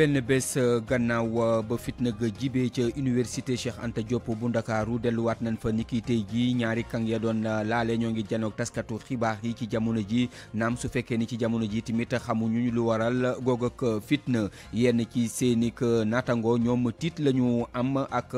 benn bés euh, gannaaw euh, ba fitna ga jibee ca université Cheikh ante Diop bu Ndakaaru delluwaat nañ fa niki tey jii ñaari kang ya doon euh, laale ñoo ngi janoog taskatu xibaax yi ci jamono ji naam su fekkee ni ci jamono ji tamit xamuñu lu waral goog ak fitna yenn ci seeni naataango ñoom tiit la ñu am ak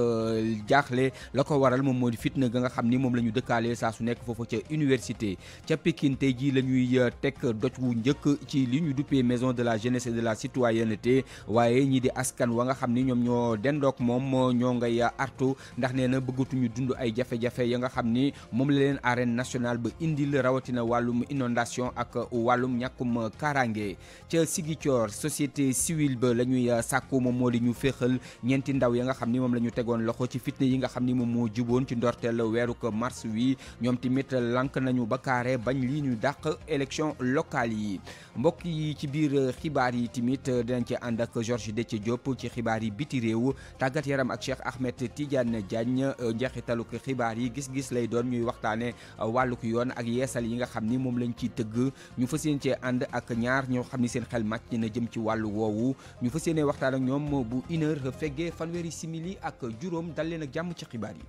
jaaxle la ko waral moom mooy fitna ga nga xam ni moom la ñu dëkkaale saa su nekk foofu ca université ca Pikine tey jii la ñuy teg doj wu njëkk ci li ñu duppee maison de la jeunesse de la citoyenneté waaye ñii di askan wa nga xam ni ñoom ñoo dendook moom moo ñoo ngay artu ndax nee na bëggatuñu dund ay jafe-jafe ya nga xam ni moom la leen arène nationale ba indil rawatina wàllum inondation ak wàllum ñàkkum kaaraange ca Sigicoor société civile ba la ñuy sàkku moom di ñu féexal ñeenti ndaw ya nga xam ni moom la ñu tegoon loxo ci fitne yi nga xam ni moom moo juboon ci ndorteel weeru ko mars wi ñoom tamit lank nañu ba kaare bañ lii ñu dàq élection locale yi mbokk yi ci biir euh, xibaar yi tamit euh, dinañ ci ànd ak de ci Diop ci xibaar yi biti réew tàggat yaram ak Cheikh Ahmed Tidiane Diagne euh, njeexitaluk xibaar yi gis-gis lay doon ñuy waxtaane wàlluk yoon ak yeesal yi nga xam ni moom lañ ciy tëgg ñu fas yéene cee ànd ak ñaar ñoo xam ni seen xel màcc na jëm ci wàllu woowu ñu fas yéene waxtaan ak ñoom bu une heure feggee fanweeri simili ak juróom dal leen ak jàmm ci xibaar yi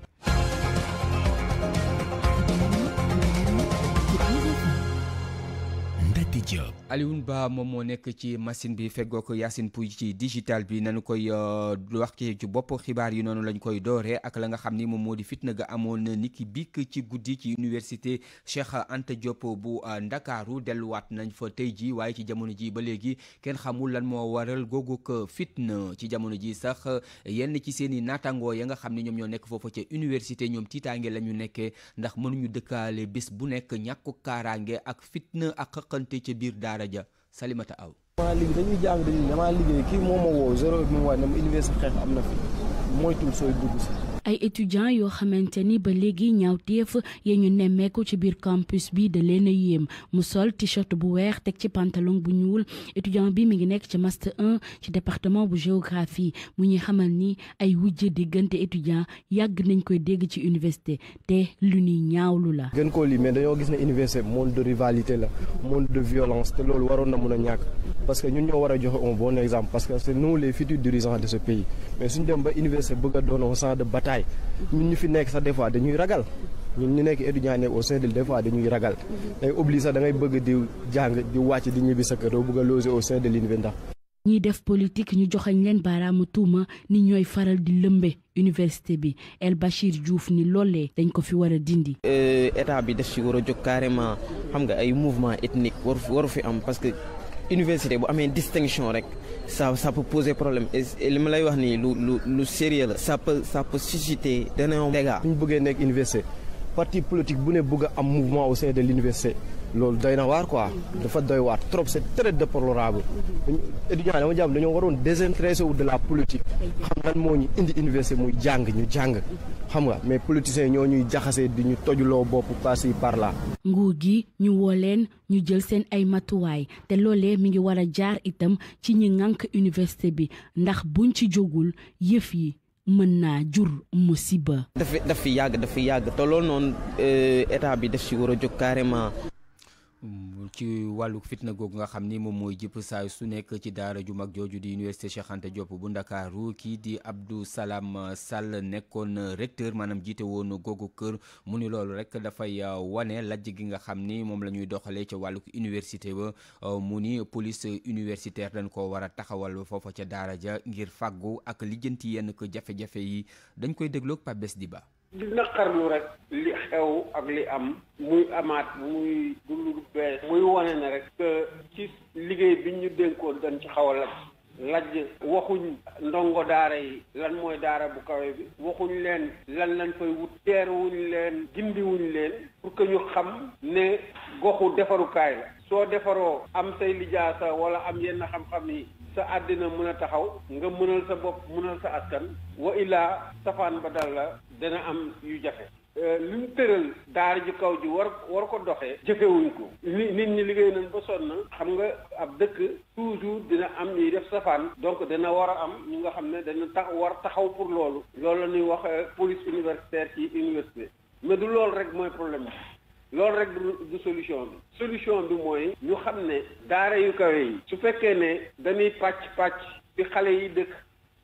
Mati Diop. Alioune Ba moom moo nekk ci machine bi feggoog Yacine Pouy ci digital bi nañu koy euh, wax ci bopp xibaar yi noonu lañ koy dooree ak la nga xam ni moom moo di fitna ga amoon na niki bikk ci guddi ci université Cheikh Anta Diop bu euh, Ndakaaru delluwaat nañ fa tey ji waaye ci jamono ji ba léegi kenn xamul lan moo waral googug euh, fitna ci jamono ji sax yenn ci seen i naataangoo ya nga xam ni ñoom ñoo nekk foofa ca université ñoom tiitaange la ñu nekkee ndax mënuñu nekk ca biir daara ja salimata aw damaa liggéey dañuy jàng dañuy damaa liggéey kii moo ma woo zéro heure bi mu wax ne ma xeex am na fi moytul sooy dugg si ay étudiants yo xamanteni ni ba léegi ñaawteef ya ñu ci bir campus bi de leen mu sol t-shirt bu weex tek ci pantalon bu ñuul étudiant bi mi ngi nekk ci master 1 ci département bu géographie mu ñi xamal ni ay wujje gënte étudiant yag nañ koy dégg ci université té lu ñuy ñaawlu la. gën li mais dañoo gis ne université monde de rivalité la monde de violence té lool waroon na mun parce que ñun ñoo wara joxe un bon exemple parce que c'est nous les futurs dirigeants de ce pays mais suñu dem ba université bëgg doono doon de bataille naay ñun ñu fi nekk sax des fois dañuy ragal ñun ñu nekk étudiant nekk au CEDEL des fois dañuy ragal day obligé sax da ngay bëgg di jàng di wàcc di ñibbi sa kër doo bëgg a loger au sein de l'université ndax ñiy def politique ñu joxañ leen baaraamu tuuma ni ñooy faral di lëmbe université bi El Bachir Diouf ni loolee dañ ko fi war a dindi. Euh, état bi def ci war a jóg carrément xam nga ay mouvement ethnique waru waru fi am parce université bu amé distinction rek ça ça peut poser problème et le malheur, lay wax ni lu lu sérieux ça peut ça peut susciter des dégâts. ñu bëggé une université parti politique bu ne bëgg a am mouvement au sein de l'université loolu doy na waar quoi dafa doy waar trop c'est très déplorable étudiants dama jàpp dañoo waroon désintéressé wu de la politique xam lan moo ñu indi université mu jàng ñu jàng xam nga mais politiciens ñoo ñuy jaxase di ñu tojuloo bopp par-ci par-là nguur gi ñu woo leen ñu jël seen ay matuwaay te loolee mi ngi war a jaar itam ci ñi ŋànk université bi ndax buñ ci jógul yëf yi mën naa jur musiba. daf fi fi yàgg daf yàgg te lool noonu euh, état bi daf si war a jóg carrément. Mm, ci wàllu fitna googu nga xam ni moom mooy jëpp saa su nekk ci daara ju mag jooju di université Cheikh Anta bu Ndakaaru kii di Abdou salaam Sall nekkoon recteur maanaam jiite woon googu kër mu ni loolu rek dafay uh, wane lajj gi nga xam ni moom la ñuy doxalee ca wàllu université ba uh, mu ni police universitaire dañ ko war a taxawal foofa ca daara ja ngir fàggu ak lijjanti yenn ko jafe-jafe yi dañ koy dégloog Pape di ba di naqarlu rek li xew ak li am muy amaat muy dund bees muy wane ne rek que ci liggéey bi ñu dénkoon dañ ci xaw a laj lajj waxuñ ndongo daara yi lan mooy daara bu kawe bi waxuñu leen lan lañ fay wut teeruwuñ leen gindiwuñ leen pour que ñu xam ne goxu defarukaay la soo defaroo am say lijaasa wala am yenn xam-xam yi sa àddina mën a taxaw nga mënal sa bopp mënal sa askan wa illa safaan ba dal la dana am yu jafe euh, li mu tëral daar ji kaw ji war war ko doxee jëfewuñ ko ni nit ñi liggéey nañ ba sonn xam nga ab dëkk toujours dina am ñuy def safaan donc dana war a am ñu nga xam ne dana tax war taxaw pour loolu loolu la ñuy wax euh, police universitaire ci université mais du loolu rek mooy problème bi loolu rek du solution bi solution bi mooy ñu xam ne daara yu kawe yi su fekkee ne dañuy pàcc-pàcc fi xale yi dëkk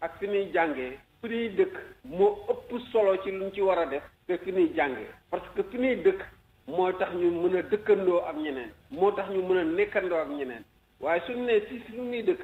ak fi ñuy jàngee fi ñuy dëkk moo ëpp solo ci luñ ci war a def te fi ñuy jàngee parce que fi ñuy dëkk moo tax ñu mën a dëkkandoo am ñeneen moo tax ñu mën a nekkandoo ak ñeneen waaye suñu ne si suñuy dëkk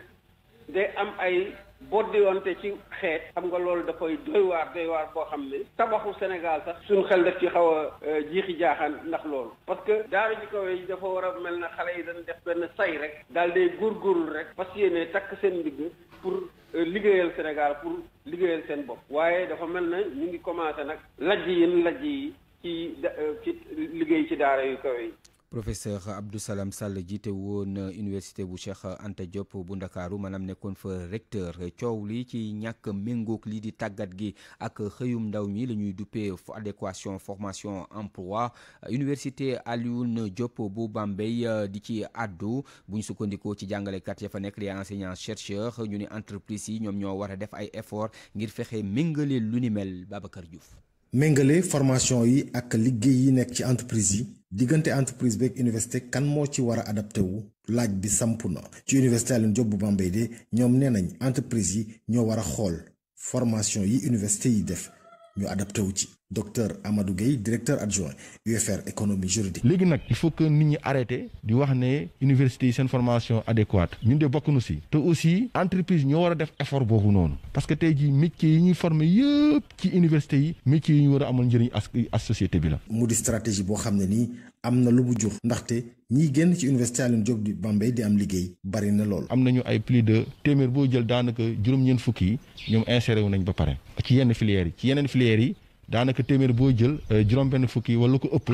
day am ay boddiwante ci xeet xam nga loolu dafay doy waar doy waar boo xam ne tabaxu Sénégal sax suñ xel daf ci xaw a euh, jiixi jaaxaan ndax loolu parce que daara ji kawe yi dafa war a mel na xale yi dañ def benn say rek daal day góorgóorlu rek fas yéene takk seen ndigg pour euh, liggéeyal Sénégal pour liggéeyal seen bopp waaye dafa mel na ñu ngi commencé nag lajj yi lajj yi ci euh, ci liggéey ci daara yu kawe yi professeur Abdou Salam Sall jiite woon université bu Cheikh Anta Diop bu ndakaaru maanaam nekkoon fa recteur coow li ci ñàkk méngoog lii di tàggat gi ak xëyum ndaw ñi la ñuy duppee adéquation formation emploi université Alioune Diop bu Bambey euh, di ci àddu bu ñu sukkandikoo ci jàngalekat ya fa nekk les enseignants chercheurs ñu ne entreprise yi ñoom ñoo war a def ay effort ngir fexe méngale lu ni mel Babacar Diouf. méngale formation yi ak liggéey yi nekk ci entreprise yi diggante entreprise beeg université kan moo ci war a adapté wu laaj bi samp na ci université Alioune Diop bu Bambey de ñoom nee nañ entreprise yi ñoo war a xool formation yi université yi def ñu adapté wu ci docteur Amadou Gueye directeur adjoint UFR économie juridique. léegi nag il faut que nit ñi arrêté di wax ne université yi seen formation adéquate ñun de bokk nu si te aussi entreprise ñoo war a def effort boobu noonu parce que tey jii métier yi ñuy former yëpp ci université yi métier yi ñu war a amal njëriñ as as bi la. mu di stratégie boo xam ne nii am na lu mu jur ndaxte ñiy génn ci université Alioune Diop di Bambey di am liggéey bari na lool. am nañu ay plus de téeméer boo jël daanaka juróom-ñeent fukki yi ñoom inséré wu nañ ba pare ci yenn filières yi ci yeneen filières yi. daanaka téeméer boo jël euh, juróom-benn fukki wala ko ëpp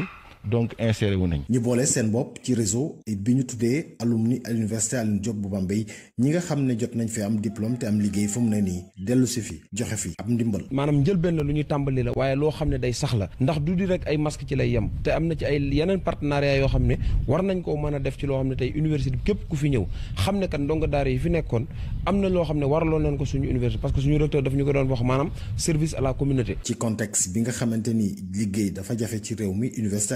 donc inséré wu nañ. ñu boole seen bopp ci réseau bi ñu tuddee alumni à l'université Alioune Diop bu Bambey ñi nga xam ne jot nañ fi am diplôme te am liggéey fu mu ne nii dellu si fi joxe fi am ndimbal. maanaam njëlbeen la lu ñuy tàmbali la waaye loo xam ne day sax la ndax du di rek ay masque ci lay yem te am na ci ay yeneen partenariat yoo xam ne war nañ koo mën a def ci loo xam ne tey université képp ku fi ñëw xam ne kan ndonga daara yi fi nekkoon am na loo xam ne waraloon nañ ko suñu université parce que suñu recteur daf ñu ko doon wax maanaam service à la communauté. ci contexte bi nga xamante ni liggéey dafa jafe ci réew mi université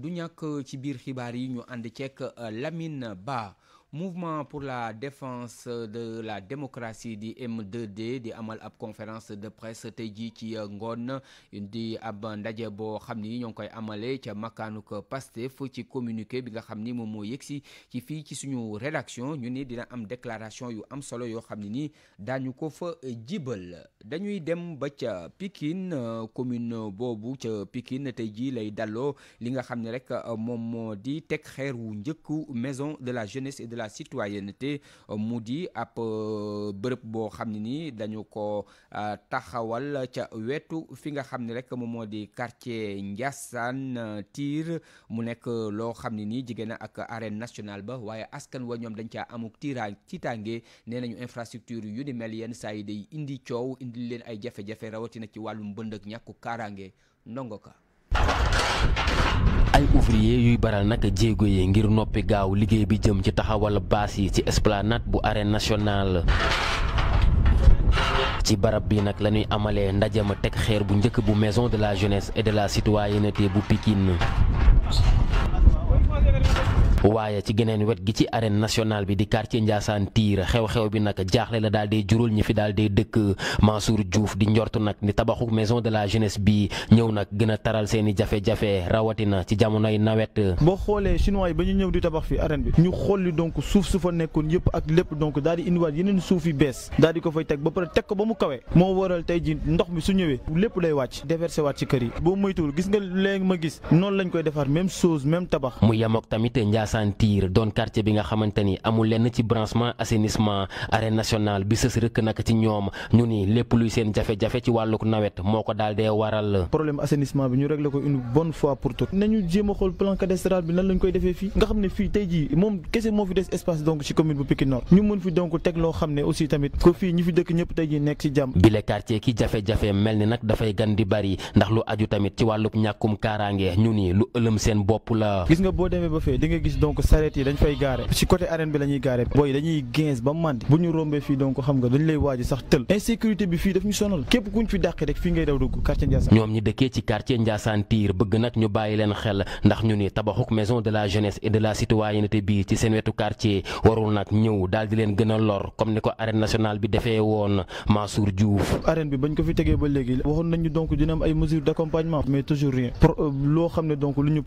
du ñàkk ci biir xibaar yi ñu ànd ceek euh, Lamine Ba mouvement pour la défense de la démocratie di M2D di amal ab conférence de presse tey qui ci euh, ngoon di ab ndaje boo xam ni a ngi koy amale ca makkaanuk Pastef ci communiqué bi nga xam qui moom moo rédaction une dina am déclaration yu am solo yo xam ne ni daañu ko fa euh, jibal dañuy dem ba ca euh, commune Bobu ca Pikine tey lay dallo li nga rek moom di maison de la jeunesse et de la citoyenneté euh, mu di ab euh, bërëb boo xam ne ni dañu ko euh, taxawal ca wetu fi nga xam ne rek moom moo di quartier Ndiassane Tir mu nekk loo xam ne nii jigéen ak arène nationale ba waaye askan wa ñoom dañ caa amuk tiiraa tiitaange nee nañu infrastructure yu ni mel yenn saa yi day indi coow indi leen ay jafe-jafe rawatina ci wàllum mbënd ak ñàkku kaaraange ndongo ka ay ouvriers, yuy baral nak jéego yi ngir noppi gaaw liggéey bi jëm ci taxawal baas yi ci esplanade bu arène nationale. ci barab bi nak lañuy amalé ndajama tek xeer bu njëkk bu maison de la jeunesse et de la citoyenneté bu Pikine. waaye ci geneen wet gi ci arène nationale bi di quartier Ndiassane Tir xew-xew bi nag jaaxle la daal dee jural ñi fi daal dee dëkk Mansour Diouf di njortu nag ni tabaxu maison de la jeunesse bi ñëw nag gën a taral seen i jafe-jafe rawatina ci nawet. boo xoolee chinois yi ba ñu ñëw di tabax fi arène bi ñu xolli donc suuf su fa nekkoon yëpp ak lépp donc daal di indiwaat yeneen suuf yu bees daal di ko fay teg ba pare teg ko ba mu kawe moo waral tey ji ndox mi su ñëwee lépp lay wàcc déversé waat ci kër yi boo moytuwul gis nga léegi ma gis noonu lañ koy defar même chose même tabax. mu yem ak tamit Ndiassane Kassantir don quartier bi nga xamanteni amul lenn ci branchement assainissement arène nationale bi seus rek nak ci ñom ñu ni lepp luy seen jafé jafé ci wàlluk nawet moko dal daal waral. problème assainissement bi ñu réglé ko une bonne fois pour toutes nañu jema xol plan cadastral bi nan lañ koy défé fi nga xamné fi tay ji mom kessé mo fi dess espace donc ci commune bu Pikine Nord ñu mën fi donc tek lo xamné aussi tamit ko fi ñi fi dëkk ñëpp tay ji nekk ci bi le quartier ki jafé jafé melni nak da fay gan bari ndax lu aju tamit ci wàlluk ñakum karangé ñu ni lu ëlem seen bop la gis nga bo démé ba fé di nga gis donc sareet yi dañ fay gaare ci côté arène bi la ñuy gaare booy dañuy gens ba mandi bu ñu rombee fii donc xam nga dañ lay waaji sax tël insécurité bi fii daf ñu sonal képp kuñ fi dàqi rek fii ngay daw dugg quartier Ndiassane ñoom bëgg nag ñu bàyyi leen xel ndax ñu ni tabaxuk maison de la jeunesse et de la citoyenneté bii ci seen wetu quartier warul nag ñëw daal leen gën a lor comme ni ko arène nationale bi defee woon Mansour Diouf arène ba léegi waxoon nañu donc dina am ay mesures d'accompagnement mais toujours rien euh, loo xam ne donc lu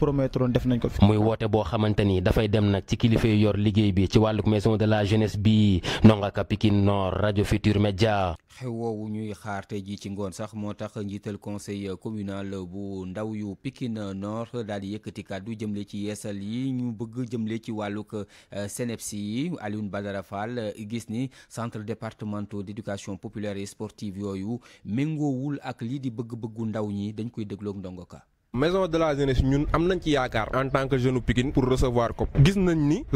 def nañ ko fi muy boo xamante ni dafay dem nak ci kilifa yor liggéey bi ci wàlluk maison de la jeunesse bi nongaka Pikine Nord radio Futur media xewowu ñuy xaar tey jii ci ngoon sax motax tax conseil communal bu ndaw yu Pikine Nord dal di yëkkati kàddu jëmle ci yessal yi ñu bëgg jëmle ci wàlluk CNEPS euh, senepsi Alioune Badara Fall euh, gis ni centre départemental d'éducation populaire et sportive mengo méngoowul ak li di bëgg-bëggu ndaw ñi dañ koy dégloog ndongo ka maison de la jeunesse ñun am nañ ci yaakaar en tant que l'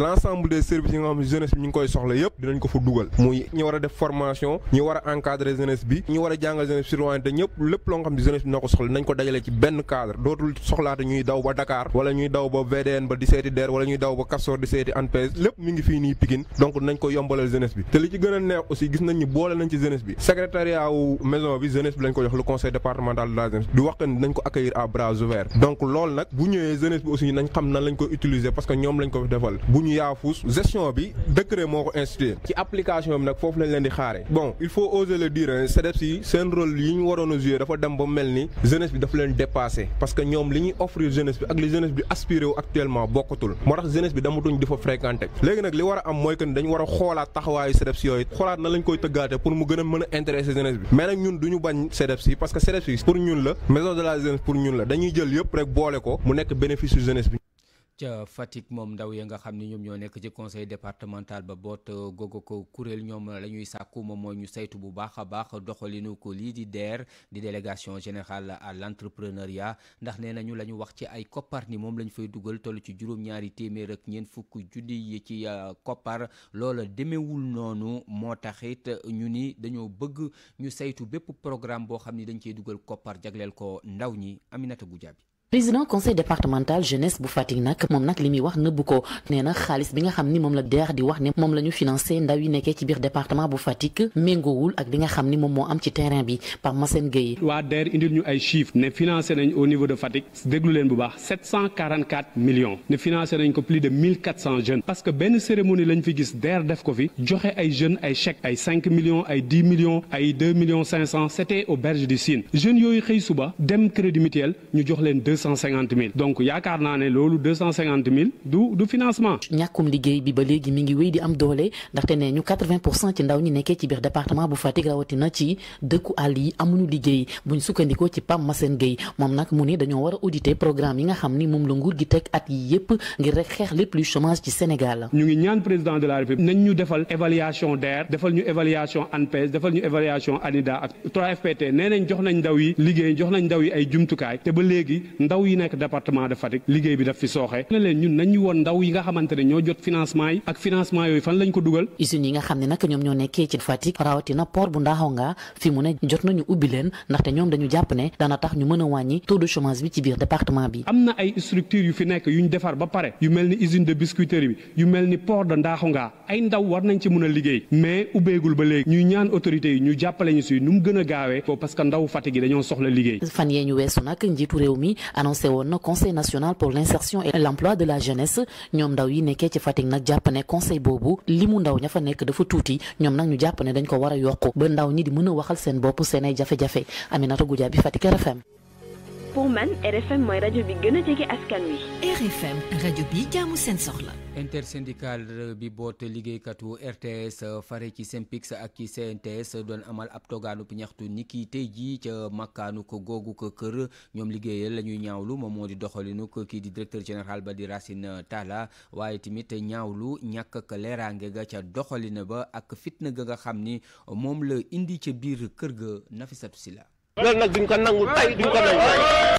ensemble des services yi nga bi ñu ngi koy soxla yëpp dinañ ko fa dugal muy ñu war def formation ñu war a encadrer bi ñu war a jàngal jeunesse citoyenneté ñëpp lépp loo nga xam ne jeunesse bi na ko soxla nañ ko dajale ci benn cadre dootul soxlaate ñuy daw ba Dakar wala ñuy daw ba VDN ba di seeti DER wala ñuy daw ba Castor di seeti ANPEJ lépp mi ngi fii nii Pikine donc nañ ko yombalal jeunesse bi te li ci gën vert donc loolu nak bu ñëwé jeunesse bi aussi nañ xam nan lañ ko utiliser parce que ñom lañ ko defal bu ñu yaafus gestion bi décret moko ko institué ci application nak fofu lañ leen di xaaré. bon il faut oser le dire hein, CDEPS si seen rôle yi ñu warono jouer dafa dem ba melni jeunesse bi dafa leen dépasser parce que ñom li ñuy offrir jeunesse bi ak li jeunesse bi aspiré actuellement bokatul. moo tax jeunesse bi damatuñ di fa fréquenté léegi nag li wara am moy que ni dañu war a xoolaat taxawaayu CDEPS yooyu xoolaat lañ koy tëggaate pour mu gëna mëna intéresser jeunesse bi mais nak ñun duñu bañ CDEPS yi parce que CDEPS yi pour ñun la maison de la jeunesse pour ñun la dañuy ñuy jël yëpp rek boole ko mu nekk bénéfice su jeunesse bi. ca fatik mom ndaw ya nga xamni ñom ñoo nek ci conseil départemental ba bot euh, googu ko kurel ñoom la ñuy sàkku moom ñu saytu bu baax baax ko li di DER di délégation générale à l'entrepreneuriat ndax nee nañu la wax ci ay koppar ni moom la fay duggal tollu ci juroom ñaari téeméer ak ñeent fukk junni ci copar euh, loolu demewul nonu mo taxit ñu dañoo bëgg ñu saytu bépp programme bo xamni dañ cey duggal copar jaglel ko ndaw ñi Aminata président conseil départemental jeunesse bu Fatick nak mom nak limi muy wax nëbbu ko nee na bi nga xamni mom la DER di wax ne mom lañu financer financé ndaw yi nekkee ci biir département bu Fatick méngoowul ak li nga xamni mom mo am ci terrain bi par Massène Gueye Wa DER indil ñu ay chiffres ne financé nañ au niveau de Fatick déglu leen bu baax 744 millions ne financé nañ ko plus de 1400 jeunes parce que ben cérémonie lañ fi gis DER def ko fi joxe ay jeunes ay chèque ay 5 millions ay 10 millions ay 2 millions 500 c'était au berge du Sine jeunes yooyu xey suba dem crédit mutuel ñu jox leen cent cinquante donc yaakaar naa ne loolu deux du du financement. ñàkkum liggéey bi ba léegi mi ngi wéy di am doole ndaxte ne ñu quatre ci ndaw ñi nekkee ci biir département bu Fatick rawatina ci dëkku àll yi amuñu liggéey buñ sukkandiko ci Pam Massène Gueye mom nak mune ne dañoo war auditer programme yi nga xamni mom moom la nguur gi tek at yépp ngir rek xeex lépp luy chômage ci Sénégal. ñu ngi ñaan président de la République nañ ñu défal évaluation d'air défal ñu évaluation ANPES défal ñu évaluation ANIDA ak 3FPT nee nañ jox nañ ndaw yi liggéey jox nañ ndaw yi ay jumtukaay té ba légui ndaw yi nekk département de Fatick liggéey bi daf fi sooxe ne leen ñun yi nga xamante ne ñoo jot financement yi ak financement yooyu fan lañ ko dugal usines nga xam ne ñoom ñoo nekkee ci Fatick rawatina port bu fi mu ne jot nañu ubbi leen ndaxte ñoom dañu jàpp ne dana tax ñu a wàññi taux de chômage bi ci biir département bi am na ay structures fi nekk yuñ defar ba pare yu mel ni usine de biscuiterie bi yu mel ni port de Ndaxonga ay ndaw war nañ ci mën a liggéey mais ubbeegul ba léegi ñuy ñaan autorités yi ñu jàppale si nu mu gën a gaawee parce que ndaw Fatick yi dañoo soxla liggéey fan yee ñu weesu nag njiitu réew mi annoncé au na conseil national pour l'insertion et l'emploi de la jeunesse ñoom ndaw yi nekkee ci conseil Bobu, li mu ndaw de fututi nyom dafa tuuti ñom nak ñu japp ne dañ ko wara a ba ndaw ñi di mëna waxal seen jafe Aminata Goudia bi fatika pour man RFM mooy rajo bi gën jege askan wi. RFM rajo bi jaamu seen soxla. intersyndical bi boot liggéeykatu RTS euh, fare ci SYNPICS ak ci CNTS euh, doon amal ab bu ñaxtu ni ki tey jii ca makkaanu ko googu ko kër ñoom liggéeyal la ñuy ñaawlu moom moo di doxalinu ko kii di directeur général ba di Racine Talla waaye tamit ñaawlu ñàkk ak leeraange ga ca doxalina ba ak fitna ga nga xam ni moom la indi ca biir kër ga Nafissatou la loolu nag duñ ko nangu tey duñ ko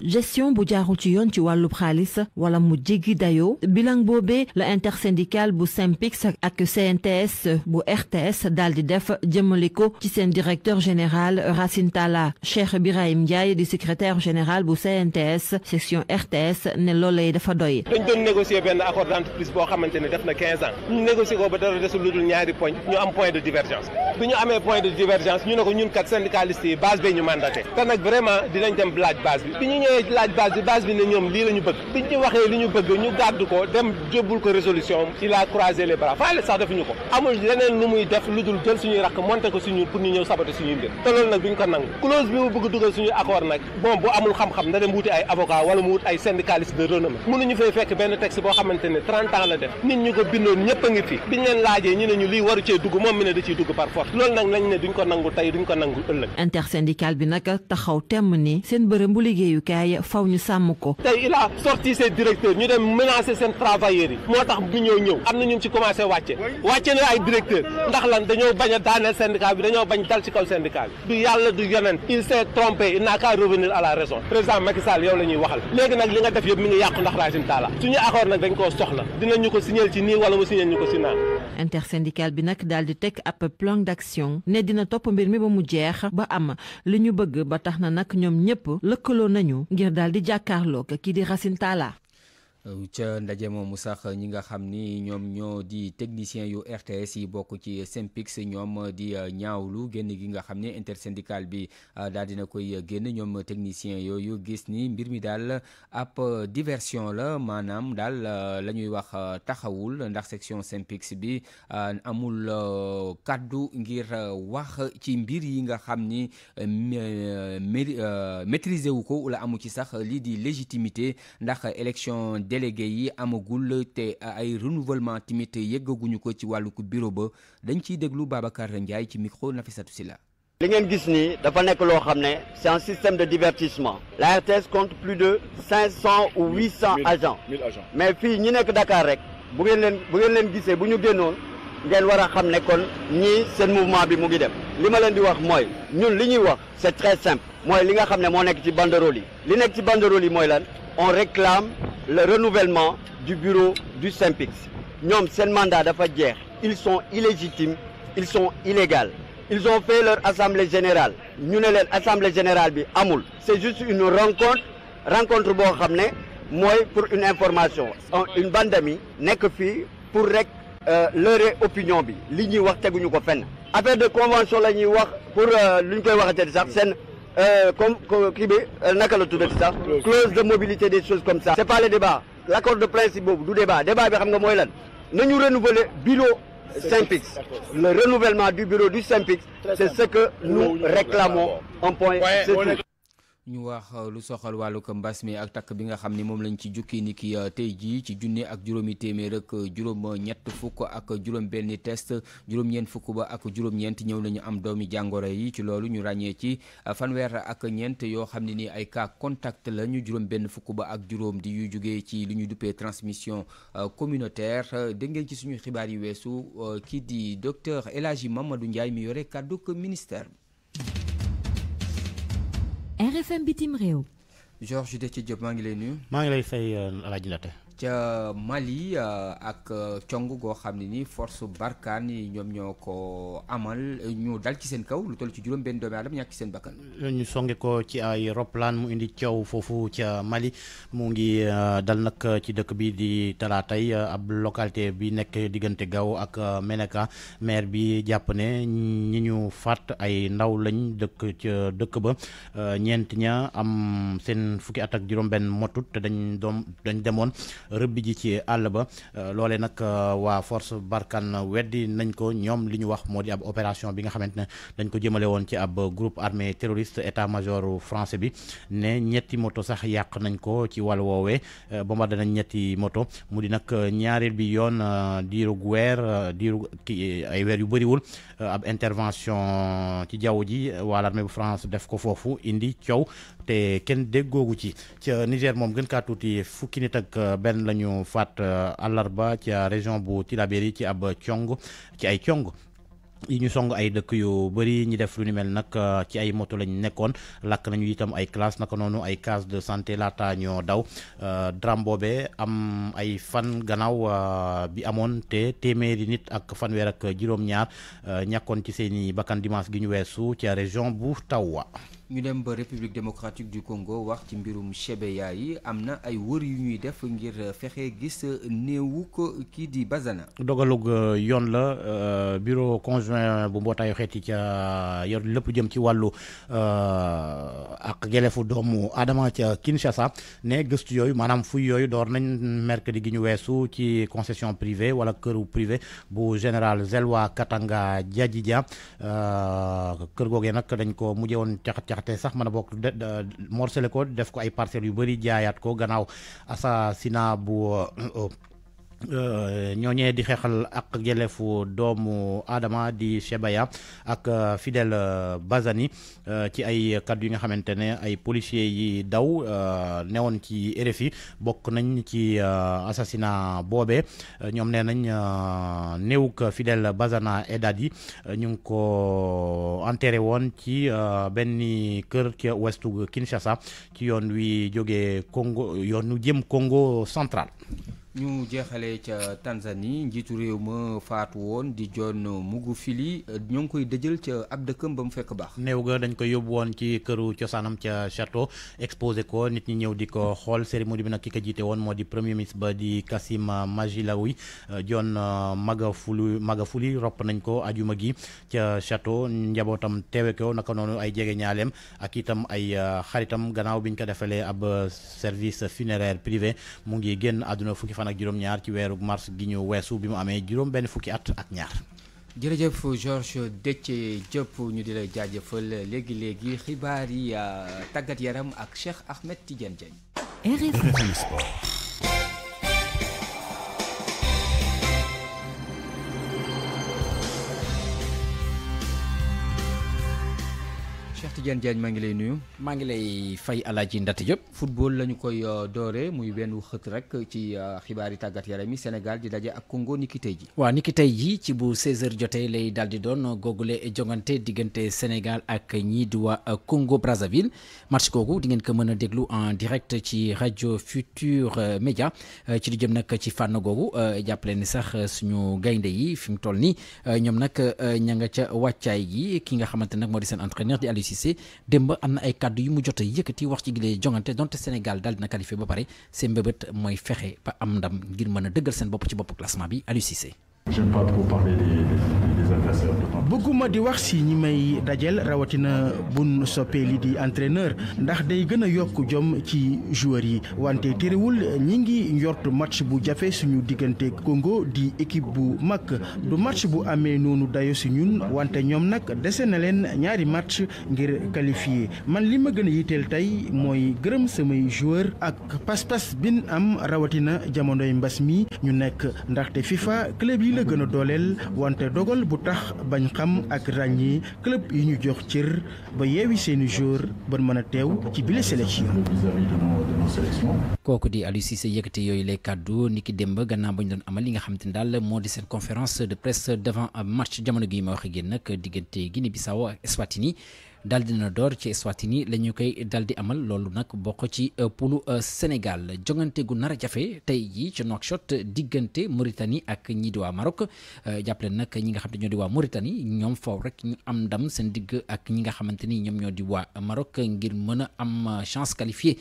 gestion bu jaarul ci yoon ci wàllub xaalis wala mu jéggi dayo bilan boobee la intersyndical bu SYNPICS ak CNTS bu RTS dal di def jëmale ci seen directeur général Racine Talla Cheikh Birahim Ndiaye di secrétaire général bu CNTS section RTS ne loolee dafa doy. dañ doon négocier benn accord d'entreprise boo xamante ne def na 15 ans ñu négocier ko ba dara desul lu dul ñaari poñ ñu am point de divergence bi ñu amee point de divergence ñu ne ko ñun kat syndicalistes yi base bee ñu mandaté. te nag vraiment dinañ dem laaj base bi bi ñu ñëwee laaj base bi base bi ne ñoom lii la ñu bëgg biñ ñu waxee li ñu bëgg ñu gàdd ko dem jébbul ko résolution il a croisé les bras faale sax defuñu ko amul leneen lu muy def lu dul jël suñuy rakk monté ko suñu pour ñu ñëw saboté suñuy mbir te loolu nag duñ ko nangu clause bi mu bëgg dugal suñu accord nag bon bu amul xam-xam na dem wuti ay avocat wala mu wut ay syndicaliste de renommée mënuñu fay fekk benn texte boo xamante ne ñu ko laajee ñu ñu lii waru cee dugg moom mi ne da ciy dugg par force loolu nag lañ ne duñ ko nangu tey duñ ko nangu ëllëg daanaka taxaw temm ni seen bërëm bu liggéeyukaay faw ñu sàmm ko. tey il a sorti ses directeurs ñu dem menacer seen travailleurs yi moo tax bu ñoo ñëw am na ci commencé wàcce wàcce na ay directeurs ndax lan dañoo bañ a daaneel syndicat bi dañoo bañ dal ci kaw syndicat bi du yàlla du yonent il s'est trompé il n'a qu'à à la raison président Macky yow la waxal léegi nag li nga def yëpp mi ngi yàqu ndax racine taala suñu accord nag dañ koo soxla dina ba tax na nag ñoom ñëpp lëkkaloo nañu ngir daal di jàkkaarloog kii di Racine Talla Euh, ca ndaje moomu sax ñi nga xam ñoo di technicien yu RTS yi bokk ci Synpics ñom di euh, ñaawlu genn gi nga xamni intersyndical bi euh, dal dina koy genn ñom technicien yu gis ni mbir mi dal ap diversion la manam dal la wax taxawul ndax section Synpics bi amul kaddu ngir wax ci mbir yi nga xamni ni maîtriser wu ko wala amu ci sax li di légitimité ndax élection délégué à amagul à ay renouvellement ko ci ko bureau ba dañ ciy déglu Babacar micro gis dafa c'est un système de divertissement la RTS compte plus de 500 ou 800 agents mais fi ñi nek Dakar rek bu ngeen len bu ngeen len bu kon mouvement bi mu ngi leen di wax c'est très simple moy li nga xamné mo nek ci banderole yi li nek ci banderole yi moy lan on réclame le renouvellement du bureau du SYNPICS ñom sen mandat dafa jeex ils sont illégitimes ils sont illégaux ils ont fait leur assemblée générale ñu ne leen assemblée générale bi amul c'est juste une rencontre rencontre bo xamné moy pour une information une bande d'amis nek fi pour rek euh, opinion bi li ñi wax teguñu ko fenn affaire de convention la ñi wax pour euh, luñ koy sax euh, comme, ça euh, clause de mobilité, des choses comme ça. C'est pas le débat. L'accord de principe, du débat. Débat, nous nous renouveler bureau Simpix. Le renouvellement du bureau du Simpix, c'est ce que nous réclamons en point. ñu wax euh, lu soxal wàllu ko mbas mi ak takk bi nga xam ni moom lañu ci jukki ni ki euh, tey jii ci junne ak juróomi téeméer ak euh, juróom ñett fukk ak juróom benn test juróom-ñeent fukk ba ak juróom-ñeent ñëw lañu am doomi jàngoro yi ci loolu ñu ràññee ci fanweer ak ñeent yoo xam ne ni ay cas contact la ñu juróom benn fukk ba ak juróom di yu jugee ci lu ñu duppee transmission communautaire dégg ci suñu xibaar yi weesu kii di docteur El Hadji Mamadou Ndiaye mi yore kàdduk ministère RFM bitim réew. Georges ci Diop maa ngi lay nuyu. maa ngi lay fay El euh, Hadj Ndate ca Mali euh, ak euh, cong goo xam ne ni force Barkhane yi ñoom ñoo ko amal euh, ñu dal ci seen kaw lu toll ci juróom benn doomi aadama ñàkk ci seen bakkan ñu songe ko ci ay roplaan mu indi coow foofu ca Mali mu ngi dal nag ci dëkk bi di talaatay ab localité bi nekk diggante Gao ak Menaka maire bi jàpp ne ñi ñu faat ay ndaw lañ dëkk ca dëkk ba ñeent ña am seen fukki at ak juróom benn motut te dañ doom dañ demoon rëbbi ji ci àll ba euh, loole nag euh, waa force Barkhane weddi nañ ko ñoom li ñu wax moo di ab opération bi nga xamante ne dañ ko jëmale woon ci ab groupe armé terroriste état major français bi ne ñetti moto sax yàq nañ ko ci wàll woowee euh, bombardé nañ ñetti moto mu di nag ñaareel bi yoon diiru weer diiru ki ay weer yu bëriwul ab intervention ci jaww ji waa l'armée bu France def ko foofu indi coow te kenn déggoogu ci ca Niger moom gën kaa tuuti fukki nit ak euh, benn la ñu faat euh, àllarba ca région bu Tillabéri ci ab cong ci ay cong yi ñu song ay dëkk yu bëri ñi def lu ni mel nag euh, ci ay moto lañ nekkoon lakk nañu itam ay classe naka noonu ay case de santé laata ñoo daw drame boobe am ay fan gannaaw bi amoon te téeméeri nit ak fanweer ak juróom-ñaar ñàkkoon ci seeni bakkan dimanche gi ñu weesu ca région bu Tawa ñu dem ba république démocratique du Congo wax ci mbirum Chebeya yi am na ay wër yu ñuy def ngir fexe gis néewu ko di Bazana. dogalug euh, yoon la euh, bureau conjoint bu mbootaayu xeet yi ca yor lépp jëm ci wàllu euh, ak gelefu doomu Adama Kinshasa ne gëstu yooyu maanaam fuy yooyu nañ mercredi gi ñu weesu ci concession privée wala këru privé bu général Zelwa Katanga Jadjidia kër googee nag dañ ko mujjee woon te sax mën a bokk morcelé ko def ko ay parcelles yu bari jaayaat koo gannaaw assassinat bu euh, Euh, ñooñee di xeexal ak gelefu doomu aadama di Chebaya ak euh, Fidel euh, Bazani ci ay kàddu yu nga xamante ne ay policiers yi daw newoon ci RFI bokk nañ ci assassinat boobe ñoom nee nañ néewug Fidel Bazana Edad yi ñu ngi ko entere woon ci benn kër ca westu Kinshasa ci yoon wi jóge Congo yoon wu jëm Congo central. ñu jeexalee ca Tanzanie njiitu réew ma faatu woon di John Magufuli ñoo ngi koy dëjël ca ab dëkkam ba mu fekk baax. néew ga dañ ko yóbbu woon ci këru cosaanam ca château exposé ko nit ñi ñëw di ko xool cérémonie bi nag ki ko jiite woon moo di premier ministre ba di Kassim Majilawi John Magufuli Magufuli ropp nañ ko ajuma gi ca château njabootam teewe ko naka noonu ay jege ñaaleem ak itam ay uh, xaritam gannaaw bi biñ ko defalee ab service funéraire privé mu ngi fan ak juróom-ñaar ci weeru mars gi ñu weesu bi mu amee juróom benn fukki at ak ñaar. jërëjëf Georges Déthié Diop ñu di la jaajëfal léegi léegi xibaar yi ah, tàggat yaram ak Cheikh Ahmed Tidiane Diagne. Tidiane Diagne maa ngi lay nuyu. maa ngi lay fay ji Ndate Diop. football la ñu koy euh, dooree muy benn xët rek ci euh, xibaari tàggat yaram yi Sénégal di daje ak Congo niki tey ji waaw niki tey jii ci bu 16 jote jotee lay daal di doon googule jongante diggante Sénégal ak ñii di waa euh, Congo Brazzaville match googu di ngeen ko mën a déglu en direct ci rajo Futur Média ci lu jëm nag ci fànn googu jàppale ni sax suñu gaynde yi fi mu toll nii ñoom nag ña nga ca wàccaay gi ki nga xamante nag moo di seen entraîneur Cissé démb am ay kàddu yu mu jot a wax ci gilee jongante donte Sénégal dal dina qualifié ba paré seen mbébét mooy fexe ba am ndam ngir mëna a dëggal seen ci bop classement bi Aliou Cissé. J'aime pas trop parler des, des, des adversaires. bëgguma di wax si ñi may dajel rawatina bun soppee li di entraîneur ndax day gën a yokk jom ci joueurs yi wante terewul ñi ngi njort match bu jafe suñu diggante kongo di équipe bu mag du match bu amee noonu dayo si ñun wante ñoom nag dese na leen ñaari match ngir qualifié man li ma gën a yitteel tey mooy gërëm samay joueur ak pas-pas bin am rawatina jamonoy mbas mi ñu nekk ndaxte FIFA club yi la gën a dooleel wante dogal bu tax bañ xam ak ràññi club yi ñu jox cër ba yeewi seeni jour ba mën a teew ci bile sélection kooku di Aliou Cissé yëkkate yooyu lay kàddu ni ki démb gannaaw doon amal li nga xam te daal moo di seen conférence de presse devant match jamono gi ma wax ak yéen nag diggante Guinée-Bissau ak Eswatini daal di na door ci Eswatini la ñu koy daal di amal loolu nag bokk ci euh, pulu euh, Sénégal jongante gu nar a jafe tey jii ci Nouakchott diggante Mauritanie ak ñii di waa Maroc euh, jàppale nag ñi nga xam te ñoo di waa Mauritanie ñoom foofu rek am ndam seen digg ak ñi nga xamante ni ñoom ñoo di waa marok ngir mën a am chance qualifiée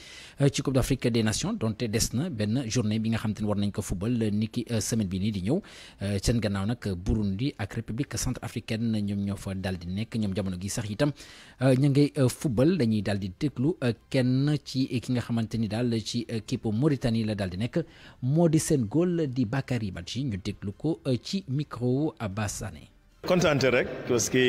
ci Coupe d'Afrique des Nations donte des na benn journée bi nga xamante ni war nañ ko football niki semaine bi nii di ñëw seen gannaaw nag Burundi ak République centrafricaine ñoom ñoo fa daal di nekk ñoom jamono gi sax itam Euh, ñu ngi euh, football dañuy daal di déglu euh, kenn ci ki nga xamante ni daal ci équipe Mauritanie la daal di nekk moo di seen góol di Bakary Badji ñu déglu ko ci micro Abbas kontaante rek parce que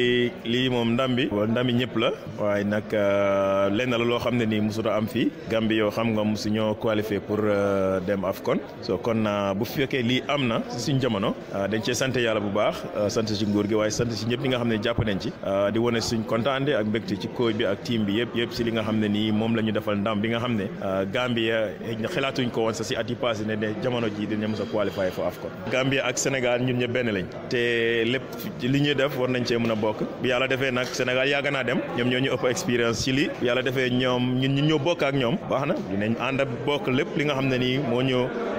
lii moom ndam bi ndami ñëpp la waaye nag euh, lenn la loo xam ne nii musuta am fii Gambie yoo xam nga musu ñoo qualifié pour euh, dem AFCON so kon euh, bu fekkee lii am na suñ jamono dañ cee sant yàlla bu baax sant si nguur gi waaye sant si ñëpp ñi nga xam ne jàpp nañ ci di wane suñ kontaante ak mbégte ci coach bi ak team bi yëpp yëpp si li nga xam ne nii moom la ñu defal ndam bi nga xam ne Gambie eh, xelaatuñ ko woon sa si at yi passé ne ne jamono ji dinañ mos a qualifié for AFCON Gambie ak Sénégal ñun ñëpp benn lañ te lépp ci li ñuy def war nañ cee mën a bokk bi yàlla defee nag Sénégal yàgg naa dem ñoom ñoo ñu ëpp expérience ci lii bi yàlla defee ñoom ñun ñun ñoo bokk ak ñoom baax na dinañ ànd bokk lépp li nga xam ne nii moo ñu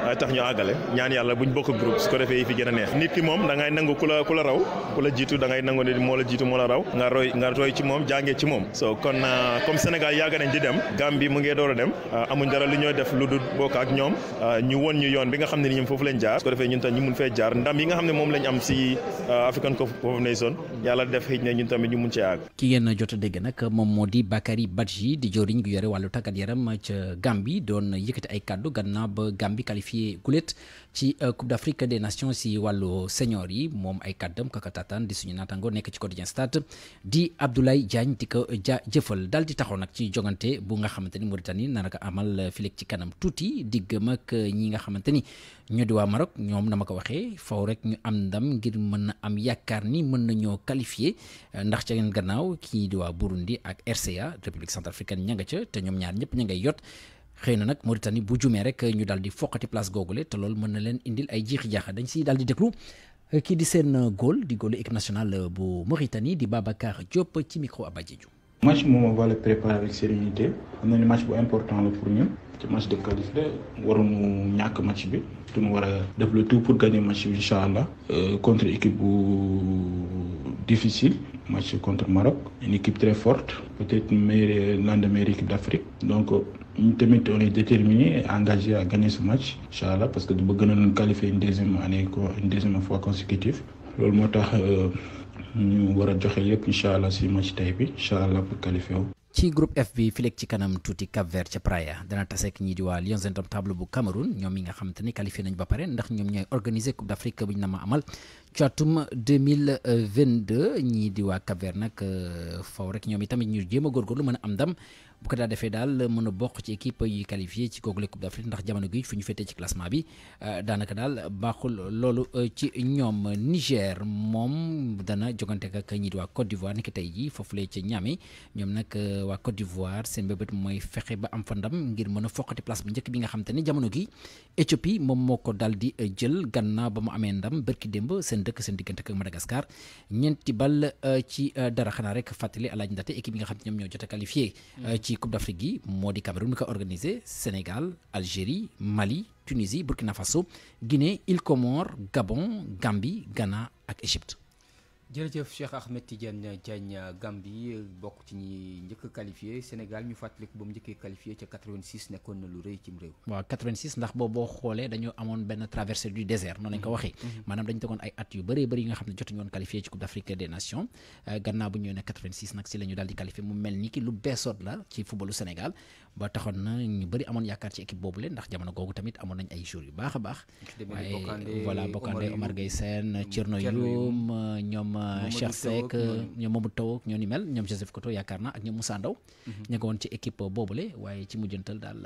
eh, tax ñu àggale ñaan yàlla buñ bokk groupe su ko defee yi fi gën a neex nit ki moom da ngay nangu ku la ku la raw ku la jiitu da ngay nangu ne moo la jiitu moo la raw nga roy nga roy ci moom jàngee ci moom so kon eh, comme Sénégal yàgg nañ di dem Gambie mu ngee door a dem eh, amuñ dara lu ñoo def lu dul bokk ak ñoom ñu won ñu yoon bi nga xam ne ni foofu lañ jaar su ko defee ñun tam ñu mun fee jaar ndam yi nga xam ne moom lañ am si African Cup foofu nay son yàlla def xëy na tamit ñu mun cee àgg. ki ngeen jot a dégg nag moom moo di Bakary Badji di joriñ gu yore wàllu tàggat yaram ca Gambie doon yëkkati ay kàddu gannaaw ba Gambie qualifié gulet ci euh, Coupe d'Afrique des Nations si wàllu senior yi moom ay kàddam kakatataan di suñu naataango nekk ci quotidien stade di Abdoulaye jaañ diko ko jaajëfal daal di taxoon nag ci jongante bu nga xamante ni Mauritanie nar a amal fileeg ci kanam tuuti diggam ak ñi nga xamante ni ñoo di waa Maroc ñoom dama ko waxee faw rek ñu am ndam ngir mën na am yaakaar ni mën nañoo qualifié euh, ndax ca ngeen gannaaw kii di waa Burundi ak RCA République centrafricaine ña nga ca te ñoom ñaar ñëpp ña ngay yot xëy nak Mauritanie bu jumee rek ñu daldi di place googule té lool mën na leen indil ay jix jaaxa dañ ci daldi déglu euh, ki di seen euh, góol di góolu équipe nationale euh, bu Mauritanie di Babacar Diop ci micro Abadji match moom on va le préparer avec sérénité amna ni match bu important la pour ñu ci match de qualif la waruñu ñak match bi tu war a def le tout pour gagner match bi incha contre équipe bu difficile match contre Maroc une équipe très forte peut-être meilleure l'un des meilleures équipes d'Afrique donc ñu tamit on est déterminé engagé à gagner ce match inchallah parce que du bëgg na leen qualifier une deuxième année une deuxième fois consécutive loolu moo tax euh, ñu war a joxe yëpp si match tay bi inchallah pour qualifier wu. ci groupe F bi fileeg ci kanam tuuti Cap Vert ca Praia dana taseek ñii di waa Lions table bu Cameroun ñoom yi nga xamante ni qualifié nañ ba pare ndax ñoom ñooy organiser Coupe d'Afrique bu ñu na ma amal ci 2022 ñii di waa Cap Vert nag euh, faw rek ñoom itamit ñu jéem a góorgóorlu mën a am ndam bu ko daa defee daal mën a bokk ci équipe yi euh, qualifié ci googule Coupe d'Afrique ndax jamono gi fu ñu ci classement bi euh, daanaka daal baaxul loolu euh, ci ñoom Niger mom dana jogante ak ñi di waa Côte d'Ivoire ni ki tey jii foofu la ci Niamey ñoom Côte d'Ivoire seen ba am fa ndam ngir mën a foqati place bu njëkk bi nga xam te ne jamono gi Éthiopie moom moo di jël gannaaw ba mu amee ndam bërki démb seen dëkk seen diggante ak Madagascar ñeenti bal ci dara xanaa rek fàttali alaaj ndate équipe yi nga xam te ñoo ci Coupe d'Afrique modi Cameroun organisé Sénégal Algérie Mali Tunisie Burkina Faso Guinée Îles Comores Gabon Gambie Ghana et Égypte jërëjëf Cheikh Ahmed Tidiane Diagne Gambie bokk ci ñi njëkk a qualifié Sénégal ñu ko ba mu njëkkee qualifié ca 86 nekkoon na lu rëy cim réew. waaw 86 ndax boobu boo xoolee dañoo amoon benn traversée du désert noonu lañ ko mhm. waxee. Mhm. maanaam dañu tegoon ay at yu bëree bëri yi nga xam ne jotuñu woon qualifié ci Coupe d'Afrique des Nations euh, gannaaw bu ñu ñëwee ne 86 nag si la ñu daal di qualifié mu mel ni ki lu beesoot la ci footballu Sénégal ba taxoon na ñu bëri amoon yaakaar ci équipe boobu leen ndax jamono googu tamit amoon nañ ay joueurs yu baax a baax. waaye voilà Bokande Omar Gueye Sène Thierno Youm euh, ñoom euh, Cheikh Seck euh, ñoom Mamadou Taw ak ñoo ni mel ñoom Joseph Koto yaakaar naa ak ñoom Moussa Ndaw mhm. ña ko woon ci équipe boobule waaye ci mujjantal daal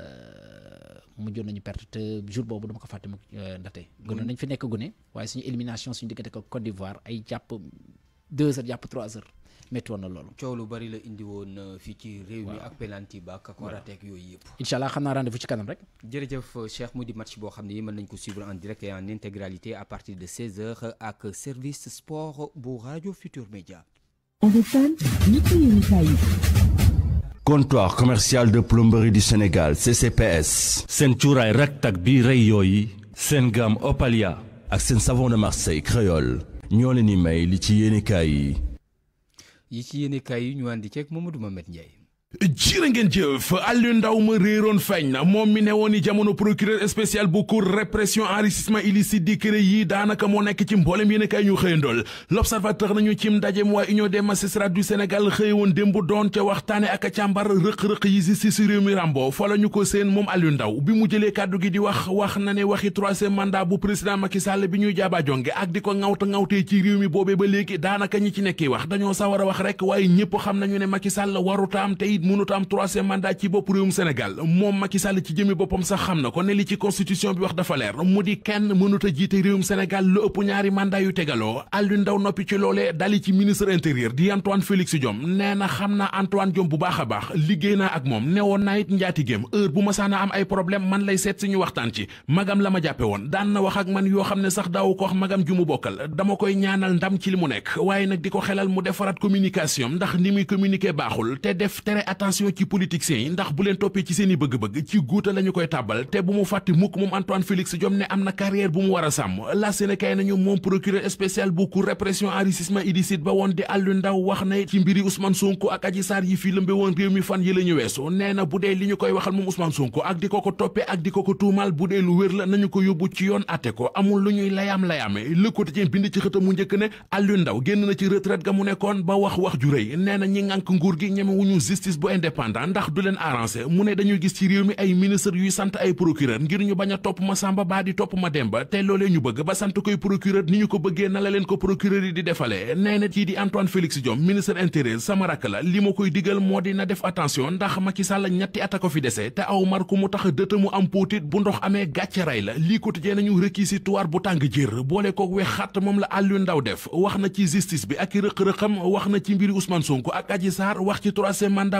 mujjoon nañu perte te jour boobu dama ko fàtte mu ndate gënoon nañ fi nekk gune waaye suñu élimination suñu diggante ko Côte d'Ivoire ay jàpp deux heures jàpp trois heures métti woon na loolu. lu bari la indi won euh, fii ci réew mi ak penalty ba ak rateeg yooyu Inchallah rande ci kanam rek. jërëjëf euh, Cheikh mu match boo xam en direct et en intégralité à partir de 16h ak service sport bu radio Futur Média. comptoir commercial de plomberie du Sénégal CCPS. seen cuuraay raktak bi rey gamme Opalia. ak savon de Marseille créole. Nyon Enimei, di may li yi ci yéenekaay yi ñu àndi ceeg Mamadou Mamet Ndiaye jërë ngeen jëf Aliou Ndao ma réeroon feeñ na moom mi ne woon i jamono procureur spécial bu cour répression enrichissement illicite di këré yi daanaka moo nekk ci mboolem yéen kay ñu xëyandool l'observateur nañu cim ndajem waa union des magistrats du Sénégal xëy woon démb doon ca waxtaane ak càmbar rëq-rëq yi si si réew mi Rambo fa la ñu ko seen moom Aliou ndaw bi mu jëlee kàddu gi di wax wax na ne waxi troisième mandat bu président Macky Sall bi ñuy jaaba jonge ak di ko ŋawta ŋawtee ci réew mi boobee ba léegi daanaka ñi ci nekki wax dañoo sawar a wax rek waaye ñëpp xam nañu ne Macky Sall waruta mënut am troisième mandat ci bopp réewum Sénégal moom Macky Sall ci jëmi boppam sax xam na ko ne li ci constitution bi wax dafa leer mu di kenn mënut a jiite réewum Sénégal lu ëpp ñaari mandat yu tegaloo Aliou ndaw noppi ci loolee dali ci ministre intérieur di Antoine Félix Diome nee na xam naa Antoine Diome bu baax a baax liggéey naa ak moom ne woon naa njaati njaatigéem heure bu ma sax na am ay problème man lay seet si ñu waxtaan ci magam la ma jàppe woon daan na wax ak man yoo xam ne sax daawu ko wax magam ju mu dama koy ñaanal ndam ci li mu nekk waaye nag di ko xelal mu defaraat communication ndax ni muy communiquer baaxul attention ci politiciens yi ndax bu leen toppee ci seen bëgg-bëgg ci guuta la koy tàbbal te bu mu fàtte mukk moom Antoine Félix Diome ne am na carrière bu mu war a sàmm la nañu moom procureur spécial bu cour répression enrichissement illicite ba woon di àllu ndaw wax na ci mbiri Ousmane Sonko ak Adji yi fii lëmbe woon réew mi fan yi la weesu nee bu dee li ñu koy waxal moom Ousmane Sonko ak di ko ko toppee ak di ko ko tuumaal bu dee lu wér justice bu indépendant ndax du leen arrangé mu ne dañuy gis ci réew mi ay ministre yuy sant ay procureur ngir ñu bañ a topp ma sàmba baa di topp ma demba te loolee ñu bëgg ba sant koy procureur ni ñu ko bëggee na la leen ko procureur yi di defalee nee na kii di Antoine Félix Diome ministre intérieur sama rakk la li ma koy digal moo di na def attention ndax ma Macky Sall ñetti at a ko fi dese te aw mar ku mu tax dëta mu am póotit bu ndox amee gàcce ray la lii quotidien nañu réquisitoire bu tàng jër boole ko wex moom la Aliou Ndao def wax na ci justice bi ak i rëq-rëqam wax na ci mbiri Ousmane Sonko ak Adji Sarr wax ci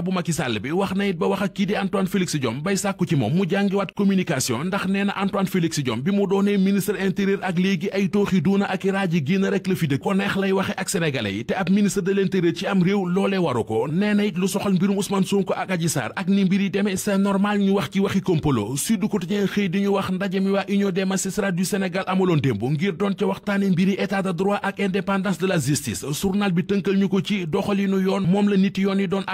bu Macky Sall bi wax na it ba wax ak kii di Antoine Félix Diome bay sàkku ci moom mu jàngiwaat communication ndax nee Antoine Félix Diome bi mu doonee ministre intérieur ak léegi ay tooxi duuna ak i génn rek la fi dëkk ko neex lay waxe ak sénégalais yi te ab ministre de l'intérieur ci am réew loolee waru ko nee na lu soxal mbirum Ousmane Sonko ak Adji ak ni mbir yi demee c'est normal ñu wax ci waxi kompolo Sud Quotidien xëy di ñu wax ndaje mi waa Union des magistrats du Sénégal amaloon démb ngir doon ca waxtaane mbiri état de ko ci doxalinu la nit yoon yi doon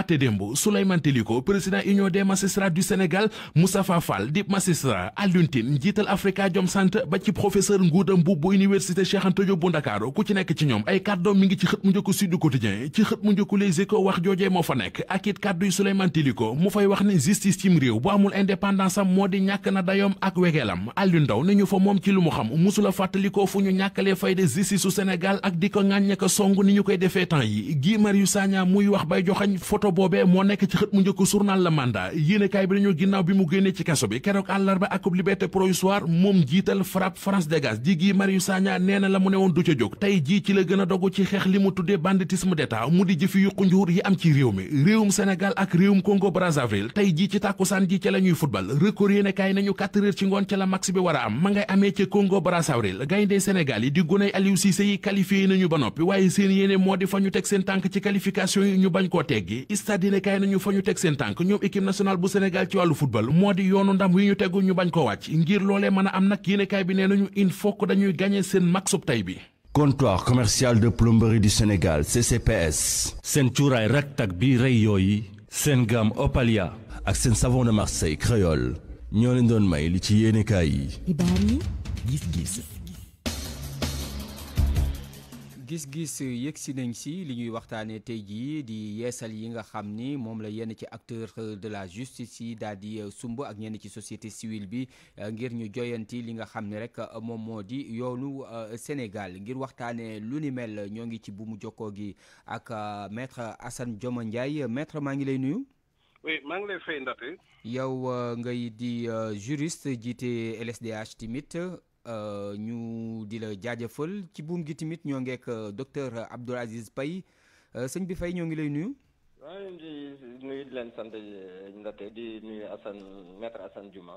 Souleymane Teliko président union des magistrats du Sénégal Moustapha Fall di magistrat Alioune Tine njiital Afrikajom sant ba ci professeur Ngouda Mboup bu université Cheikh Anta Diop bu Ndakaaru ku ci nekk ci ñoom ay kàddoom mi ngi ci xët mu njëkku Sud Quotidien ci xët mu njëkku Les Échos wax joojee moo fa nekk ak it kàddu yi mu fay wax ne justice cim réew bu amul indépendance moo di ñàkk na dayoom ak wegeelam Alioune Ndaw ne ñu fa moom ci lu mu xam musula fàttalikoo fu ñu ñàkkalee fayda justice su Sénégal ak di ko ŋàññe ko ñu koy defee temps yi Guy Marius muy wax bay joxañ photo boobee moo nekk ci xët mu njëkk journal la mandat yéenekaay bi nañu ginnaaw bi mu génnee ci kaso bi keroog àllarba akub liberté provisoire moom jiital FRAPP France Dégage di Guy Marius Sagna nee na la mu ne woon du ca jóg tey jii ci la gën a dogu ci xeex li mu tuddee banditisme d'État mu di jëfi yuqu njuur yi am ci réew mi réewum Sénégal ak réewum Congo Brazzaville tey jii ci tàkkusaan ji ci la ñuy football record yéenekaay nañu 4 ci ngoon ci la max a am ma ngay amee ci Congo Brazzaville gayndee nañu fa ñu teg seen tànk ñoom équipe nationale bu Sénégal ci wàllu football moo di yoonu ndam wi ñu tegu ñu bañ ko wàcc ngir loolee mën a am nag yéenekaay bi nee nañu il faut que dañuy gagné seen maxub tey bi comptoir commercial de plomberie du Sénégal CCPS seen cuuraay raktak bi rey yooyu seen gamme Opalia ak seen savon de Marseille créole ñoo leen doon may li ci yéenekaay yi. gis-gis yëg si nañ si li ñuy waxtaanee tey jii di yeesal yi nga xam ni moom la yenn ci acteur de la justice yi daal di euh, sumb ak ñenn ci société civile bi euh, ngir ñu joyanti li nga xam ne rek euh, moom moo di yoonu Sénégal ngir waxtaanee lu ni mel ñoo ngi ci bu jokkoo gi ak maître Assane Dioma Ndiaye maître maa ngi lay nuyu. oui maa ngi lay fay ndate. yow ngay di juriste jiite LSDH tamit. Euh, ñu di la jaajëfal ci buum gi tamit ñoo ngeek euh, docteur Abdoul Aziz pay euh, sëñ bi fay ñoo ngi lay nuyu. waaw di nuyu di leen sant di nuyu Assane maître Assane Diouma.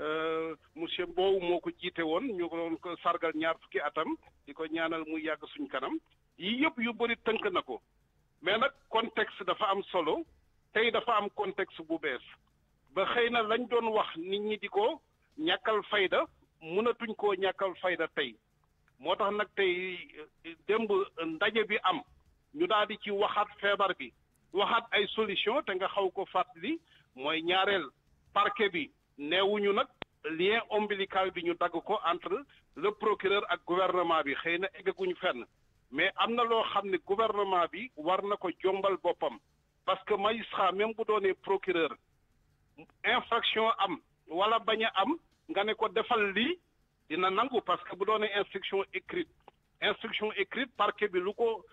Euh, monsieur Mbow moo ko jiite woon ñu doon ko sargal ñaar fukki atam di ko ñaanal muy yàgg suñ kanam yii yëpp yu bëri tënk na ko mais nag contexte dafa am solo tey dafa am contexte bu bees ba xëy na lañ doon wax nit ñi di ko ñàkkal fayda mënatuñ ko ñàkkal fayda tey moo tax nag tey euh, dëmb ndaje bi am ñu daal di ci waxaat feebar bi waxaat ay solution te nga xaw ko fàttali mooy ñaareel parquet bi neewuñu nag lien ombilical bi ñu dagg ko entre le procureur ak gouvernement bi xëy na fenn mais am na loo xam ne gouvernement bi war na ko jombal boppam parce que magistrat même bu doonee procureur infraction am wala bañ a am nga ne ko defal lii dina nangu parce que bu doonee instruction écrite instruction écrite parquet bi lu ko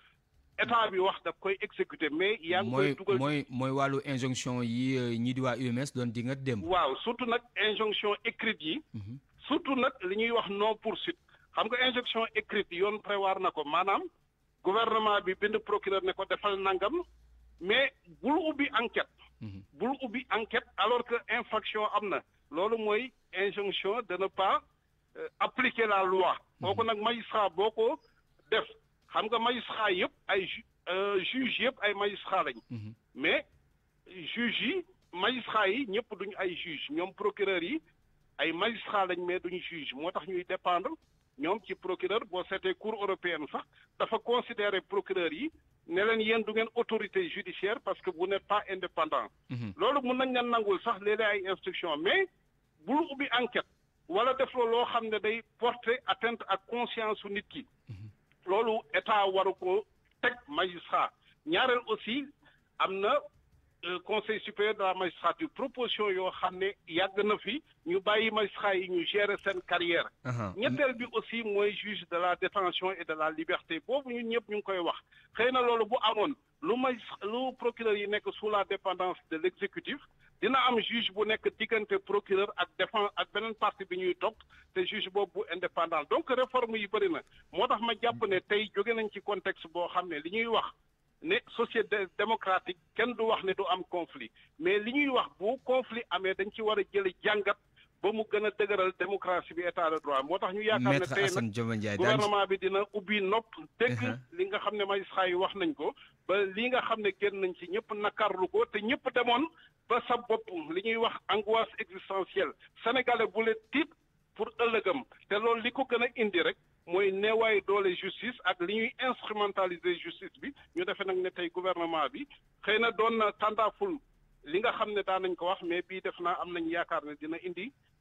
état bi wax daf koy exécuter mais. yaa ngi koy dugal mooy mooy wàllu injonction yi euh, ñii di waa UMS doon di nga dem. waaw surtout nag injonction écrite yi. Mhm. surtout nag li ñuy wax non poursuite. xam nga injonction écrite yoon prévoir na ko maanaam gouvernement bi bind procureur ne ko defal nangam mais bul ubbi enquête. Mhm. bul ubbi enquête alors que infraction am na. loolu mooy injonction de ne pas euh, appliquer la loi. Mhm. kooku nag magistrat boo ko def xam nga magistrat yëpp ay euh, juge yëpp ay magistrat lañ mhm. mais juge yi magistrat yi ñëpp duñu ay juge ñoom procureur yi ay magistrat lañ mais duñ juge moo tax ñuy dépendre ñoom ci procureur boo seetee cour européenne sax dafa considérer procureur yi ne leen yéen du ngeen autorité judiciaire parce que vous n'êtes pas indépendant mhm. loolu mun nañ leen nangul sax léeg-léeg ay instruction mais bul ubbi enquête wala def loo xam ne day porter atteinte ak conscience su nit ki mhm loolu état waru ko teg magistrat ñaareel aussi am na euh, conseil supérieur de la magistrature proposition yoo xam ne yàgg na fi ñu bàyyi magistrat yi ñu gérer seen carrière ñetteel bi aussi mooy juge de la détention et de la liberté boobu ñun ñëpp ñu ngi koy wax xëy na loolu bu amoon lu magistrat lu procureur yi nekk sous la dépendance de l'exécutif dina am juge bu nekk diggante procureur ak défense ak beneen partie bi ñuy topp te juge boobu bu indépendant donc réforme yi bëri na moo tax ma jàpp ne tey jóge nañ ci contexte boo xam ne li ñuy wax ne société démocratique kenn du wax ne du am conflit mais li ñuy wax bu conflit amee dañ ci war a jële jàngat ba mu gën a dëgëral démocratie bi état de droit moo tax ñu yaakaar ne tey nag gouvernement bi dina ubbi nopp dégg uh-huh. li nga xam ne magistrat yi wax nañ ko ba li nga xam ne génn nañ ci ñëpp nakarlu ko te ñëpp demoon ba sa bopp li ñuy wax angoisse existentielle sénégalais bu le tiit pour ëllëgam te loolu li ko gën a indi rek mooy neewaay doole justice ak li ñuy instrumentaliser justice bi ñu defee nag ne tey gouvernement bi xëy na doon na tàndaaful li nga xam ne daan nañ ko wax mais bii def naa am nañ yaakaar ne dina indi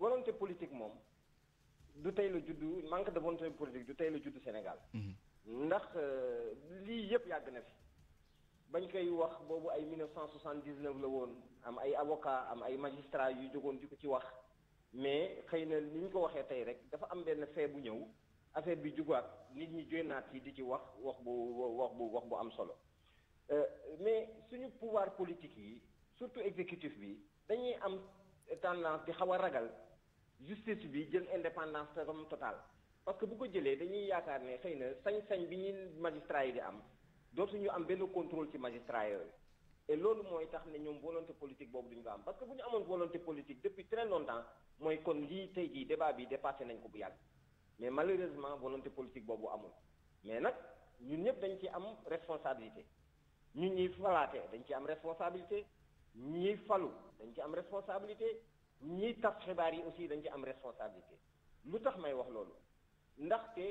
volonté politique moom du tey la juddu manque de volonté politique du tey la juddu Sénégal. Mhm. ndax euh, lii yëpp yàgg na fi. bañ koy wax boobu ay 1979 la woon am ay avocat am ay magistrat yu jógoon di ko ci wax mais xëy na ni ñu ko waxee tey rek dafa am benn fee bu ñëw affaire bi jugaat nit ñi joynaat yi di ci wax wax bu wax bu wax bu am solo euh, mais suñu pouvoir politique yi surtout exécutif bi dañuy am tendance di xaw a ragal justice bi jël indépendance comme total parce que bu ko jëlee dañuy yaakaar ne xëy na sañ-sañ bi ñuy magistrat yi di am dootuñu am benn contrôle ci magistrat yooyu et loolu mooy tax ne ñoom volonté politique boobu duñu ko am parce que bu ñu amoon volonté politique depuis très longtemps mooy kon lii tey jii débat bi dépassé nañ ko bu yàgg mais malheureusement volonté politique boobu amul mais nag ñun ñëpp dañ ci am responsabilité ñun ñuy falaatee dañ ci am responsabilité ñuy falu dañ ci am responsabilité ñiy tas xibaar yi aussi dañ ci am responsabilité lu tax may wax loolu ndaxte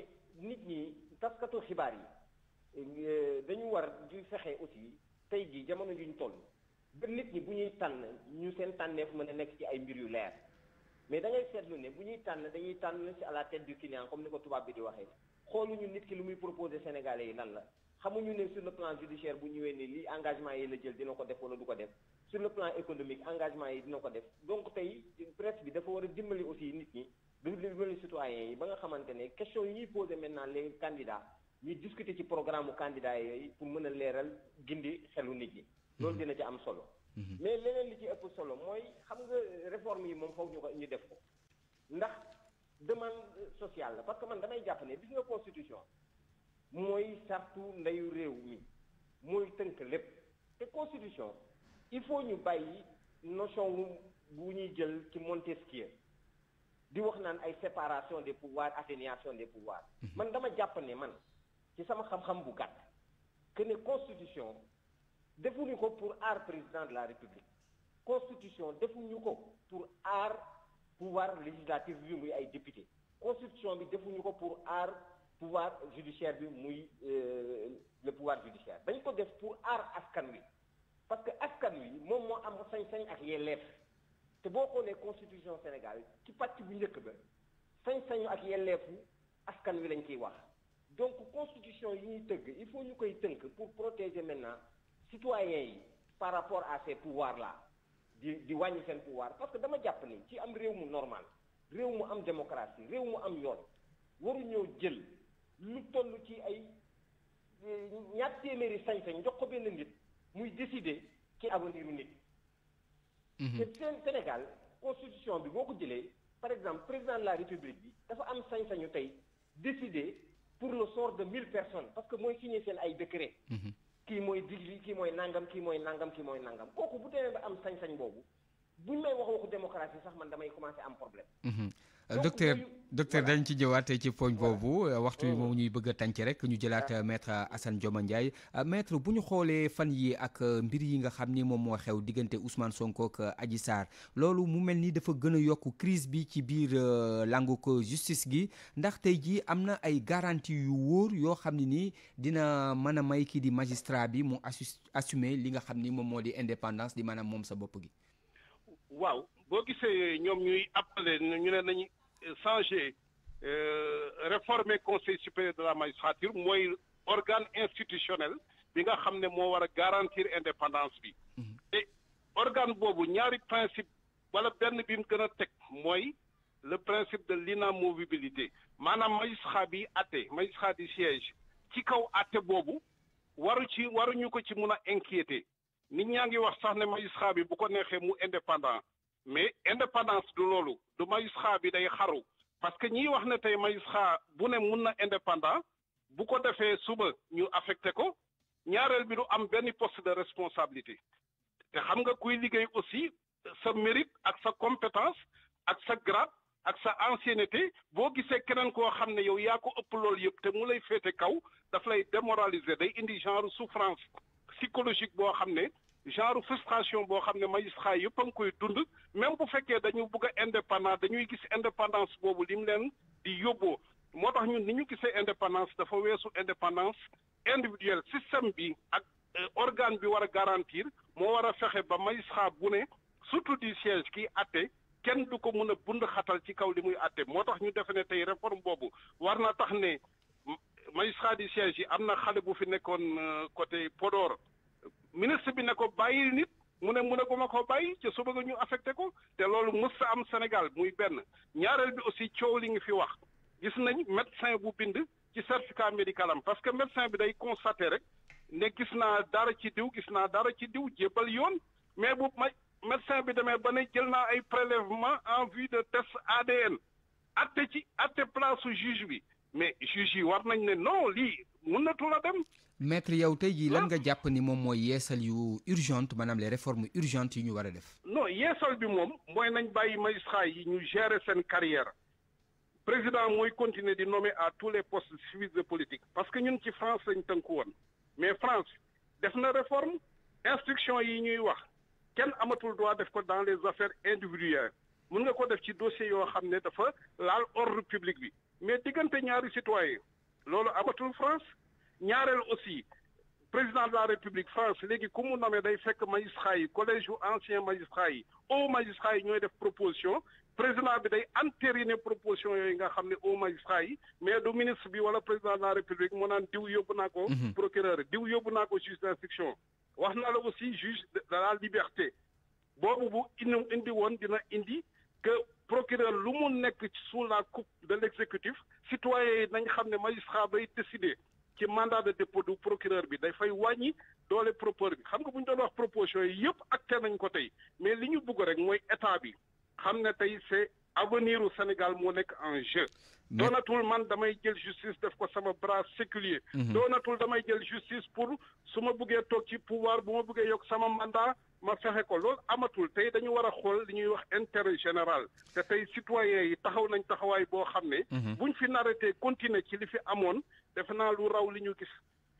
nit ñi taskatu xibaar yi eh, dañu war di fexe aussi tey jii jamono juñ toll ba nit ñi bu ñuy tànn ñu seen tànneef mën a nekk ci ay mbir yu leer mais da ngay seetlu ne bu ñuy tànn dañuy tànn ci à la tête du client comme ni ko tubaab bi di waxee xooluñu nit ki lu muy proposé sénégalais yi lan la xamuñu ne sur le plan judiciaire bu ñëwee ne lii engagement yi la jël dina ko def wala du ko def sur le plan économique engagement yi dina ko def donc tey presse bi dafa war a dimbali aussi nit ñi du dimbali citoyen yi ba nga xamante ne question yi ñuy posé maintenant les candidats ñu discuter ci programme candidat candidats yooyu pour mën a leeral gindi xelu nit ñi. loolu mhm. dina ci am solo. Mhm. mais leneen li ci ëpp solo mooy xam nga réforme yi moom foog ñu ko ñu def ko ndax demande sociale la parce que man damay jàpp ne gis nga constitution mooy sartu ndeyu réew mi mooy tënk lépp te constitution il faut ñu bàyyi notion bu ñuy jël ci Montesquieu di wax naan ay séparation des pouvoirs atténuation des pouvoirs mhm. man dama japp ne man ci sama xam-xam bu gàtt que ne constitution defuñu pour art président de la république constitution defuñu pour art pouvoir législatif bi muy ay député constitution bi pour art pouvoir judiciaire bi muy euh, le pouvoir judiciaire dañ ko def pour art askan wi parce que askan wi moment mo am sañ-sañ ak te bo xone constitution Sénégal ci ba sañ ak askan wi donc constitution il faut que teunk pour protéger maintenant citoyens par rapport à ces pouvoirs là di di pouvoir parce que dama ci am normal réew démocratie réew am yoon waru jël lu ci eh, muy décider ci avenir nit mhm. Sénégal constitution bi par exemple président de la république bi dafa décider pour le sort de 1000 personnes parce que mooy signé seen ay décret mhm. kii mooy digli kii mooy nangam kii mooy nangam qui mooy nangam kooku bu demee ba am sañ-sañ wax démocratie sax man damay un problème mhm. docteur docteur dañ ci jëwaat ci poñ boobu euh, waxtu yi oh. moom ñuy bëgg a tànc rek ñu jëlaat ah. euh, maître euh, assan Dioma Ndiaye maître bu ñu xoolee fan yi ak mbir yi nga xam ni moom moo xew diggante Ousmane sonkook aji saar loolu mu mel nii dafa gën a yokk crise bi ci biir langu ko justice gi ndax tey jii am na ay garanti yu wóor yoo xam ne nii dina mën a may kii di magistrat bi mu assus assumer li nga xam ni moom moo di indépendance di maanaam moom sa bopp gi. waaw boo gisee Euh, changer euh, réformer conseil supérieur de la magistrature moi, organe institutionnel bi nga xam ne moo garantir indépendance bi mhm. te organe bobu, ñaari principe wala benn bi kena tek moi, le principe de l'inamovibilité maanaam magistrat bi àtte magistrat du siège ci kaw àtte bobu, waru ci waruñu ko ci mun a inquiéter nit ñangi wax sax ne magistrat bi bu ko nexé mu indépendant mais indépendance du loolu du magistrat bi day xaru parce que ñi wax ne tay magistrat bu ne mun na indépendant bu ko defee suba ñu affecté ko ñaareel bi du am benn poste de responsabilité te xam nga kuy liggéey aussi sa mérite ak sa compétence ak sa grade ak sa ancienneté boo gisee keneen koo xam ne yow yaa ko ëpp loolu yëpp te mu lay féete kaw daf lay démoraliser day indi genre souffrance psychologique boo xam ne genre frustration boo xam ne magistrat yëpp a ngi koy dund même bu fekkee dañu bëgg a indépendant dañuy gis indépendance boobu lim leen di yóbboo moo tax ñun ni ñu gisee indépendance dafa weesu indépendance individuelle système bi ak euh, organe bi war a garantir moo war a fexe ba magistrat bu ne surtout du siège kiy atte kenn du ko mën a bund xatal ci kaw li muy atte moo tax ñu defe ne tey réforme boobu war na tax ne magistrat di siège yi am na xale bu fi nekkoon euh, côté Podor ministre bi ne ko bàyyi nit mu ne mu ne ma ko bàyyi ci suba nga ñu affecté ko te loolu mës am Sénégal muy benn ñaareel bi aussi coow li nga fi wax gis nañ médecin bu bind ci certificat médical am parce que médecin bi day constaté rek ne gis naa dara ci diw gis naa dara ci diw jébbal yoon mais bu ma médecin bi demee ba ne jël naa ay prélèvement en vue de test ADN atte ci atte place juge bi mais juge yi war nañ ne non lii mënatul a dem maître yow tey jii lan ah. nga jàpp ni moom mooy yeesal yu urgente maanaam les réformes urgentes yi ñu war a def. non yeesal bi moom mooy nañ bàyyi magistrat yi ñu gérer seen carrière président mooy continuer di nommer à tous les postes suivi de politique parce que ñun ci France lañ tënku woon mais France def na réforme instruction yi ñuy wax kenn amatul droit def ko dans les affaires individuelles mun nga ko def ci dossier yoo xam ne dafa laal ordre public bi mais diggante ñaari citoyen loolu amatul France ñaareel aussi président de la république France léegi ku mu namee day fekk magistrat yi collège ancien magistrat yi au magistrat yi ñooy def proposition président bi day entériner proposition yooyu nga xam ne magistrat mais du ministre bi wala président de la république moo naan diw yóbbu naa ko mhm. procureur diw yóbbu naa ko juge d'instruction wax naa la aussi juge de la liberté boobu bu indi indi woon dina indi que procureur lu mu nekk sous la coupe de l'exécutif citoyen yi nañ xam ne magistrat bay décider ci mandat de dépôt du procureur bi dafay wàññi doole proposé bi xam nga bu ñu doon wax proposition yi yëpp acté nañ ko tey mais li ñu bëgg rek mooy état bi xam ne tey c'est avenir Sénégal moo nekk en jeu. doonatul man damay jël justice def ko sama bras séculier. Mhm. doonatul damay jël justice pour su ma buggee toog ci pouvoir bu ma buggee yokk sama mandat. ma fexe ko loolu amatul tey dañu war a xool li ñuy wax intérêt général te tey citoyen yi taxaw nañ taxawaay boo xam ne. Mhm. buñ fi narrêté continuer ci li fi amoon defe naa lu raw li ñu gis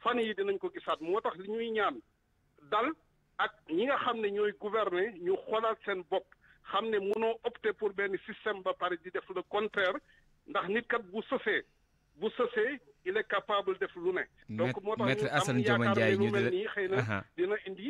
fan yi dinañ ko gisaat moo tax li ñuy ñaan dal ak ñi nga xam ne ñooy gouverner ñu xoolaat seen bopp xam ne mënoo opter pour benn système ba pare di def le contraire ndax nit kat bu sësee bu sësee il est capable def lu ne. donc moo tax ñu am yaakaar ne lu mel nii xëy na dina indi.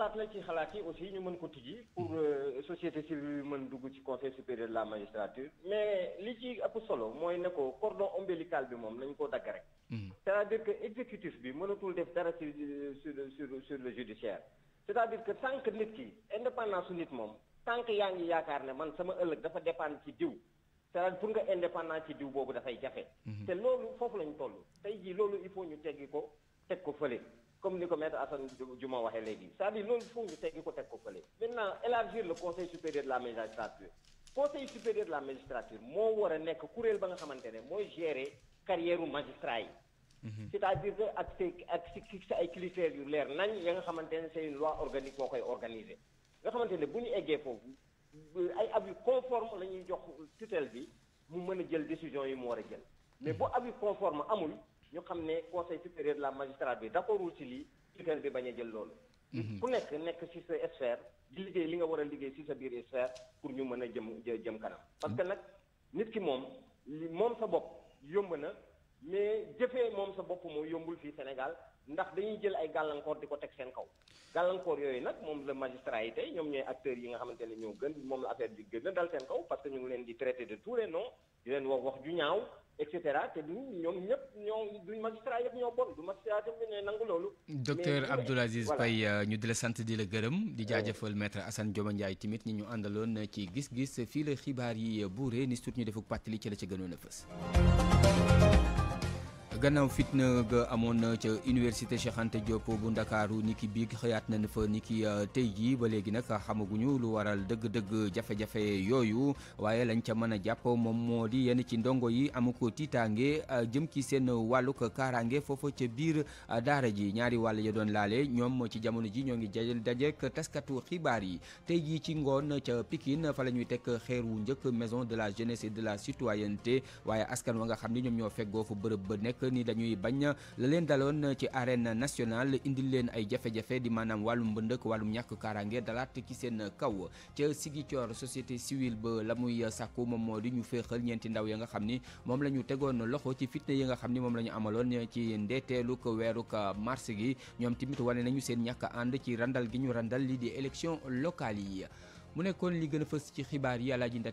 xalaat la ci xalaat yi aussi ñu mën ko tijji pour mm-hmm. euh, société civile bi mën dugg ci conseil supérieur de la magistrature mais li ci ëpp solo mooy ne ko cordon ombilical bi moom nañ ko dagg rek mm-hmm. c'est-à-dire que exécutif bi mënatul def dara ci euh, sur sur sur le judiciaire c'est-à-dire que tant que nit ki indépendance nit moom tant que yaa ngi yaakaar ne man sama ëllëg dafa dépendre ci diw c'est-à-dire pour nga indépendant ci diw boobu dafay jafe mm-hmm. te loolu foofu lañ toll tey jii loolu il faut ñu teggi ko teg ko fële comme ni ko maître Assane djuma waxee léegi c'est-à-dire loolu foog ñu ko teg ko maintenant élargir le conseil supérieur de la magistrature conseil supérieur de la magistrature mo wara nek nekk ba nga xamante moy gérer carrière u magistrat yi mhm. c'est-à-dire que ak ses ak si fixe ay critères yu leer nañ ya nga xamante c'est une loi organique moo koy organiser nga xamante buñu éggé fofu ay avis conforme la jox tutelle bi mu mën jël décision yi mo wara jël mais mhm. bu avis conforme amul ñu xam ne conseil supérieur de la magistrature bi d'accordul ci lii citoyen bi bañ a jël loolu. Mhm. ku nekk nekk si sa sphère di liggéey li nga war a liggéey ci sa biir sphère pour ñu mën a jëm jëm kanam. parce que mhm. nag nit ki moom li moom sa bopp yomb na mais jëfee moom sa bopp moo yombul fii Sénégal ndax dañuy jël ay gàllankoor di ko teg seen kaw. gàllankoor yooyu nag moom la magistrat yi tey ñoom ñooy acteurs yi nga xamante ne ñoo gën moom la affaire bi gën a dal seen kaw parce que ñu ngi leen di traité de tous les noms di leen wax ju ñaaw. et cetera te du Aziz Paye euh, ñu di la sant di la gërëm. di jaajëfal maître Assane Dioma Ndiaye tamit ñi ñu àndaloon na ci gis-gis fii la xibaar yi buuree ni suut ñu defuk pàttali ci la ca gënoon a fës. gannaaw fitna ga amoon na ca université Cheikh Anta bu ndakaaru niki bi xëyaat na nañ fa niki euh, tey jii ba léegi nag xamaguñu lu waral dëgg-dëgg jafe-jafe yooyu waaye lañ ca mën a jàpp moom moo di yenn ci ndongo yi am ko tiitaange euh, jëm ci seen wàllug kaaraange foofa ca biir euh, daara ji ñaari wàll ya doon laale ñoom ci jamono ji ñoo ngi jajal dajek taskatu xibaar yi tey jii ci ngoon ca Pikine fa la ñuy teg xeer wu njëkk maison de la jeunesse et de la citoyenneté waaye askan wa nga xam ni ñoom ñoo feggoo fa bërëb ba nekk ni dañuy bañ la leen daloon ci arène nationale indil ay jafe-jafe di maanaam wàllum mbëndëk wàllum ñàkk kaaraange dalaat ci seen kaw ca Sigicoor société civile ba la muy sàkku moom moo di ñu féexal ñeenti ndaw ya nga xam ni moom la ñu tegoon loxo ci fitna yi nga xam ni moom la ñu amaloon ci ndeeteelu ko weeru mars gi ñoom tamit wane nañu seen ñàkk ànd ci randal gi ñu randal lii di élection locale yi mu nekkoon li gën a fës ci xibaar yi Alaaji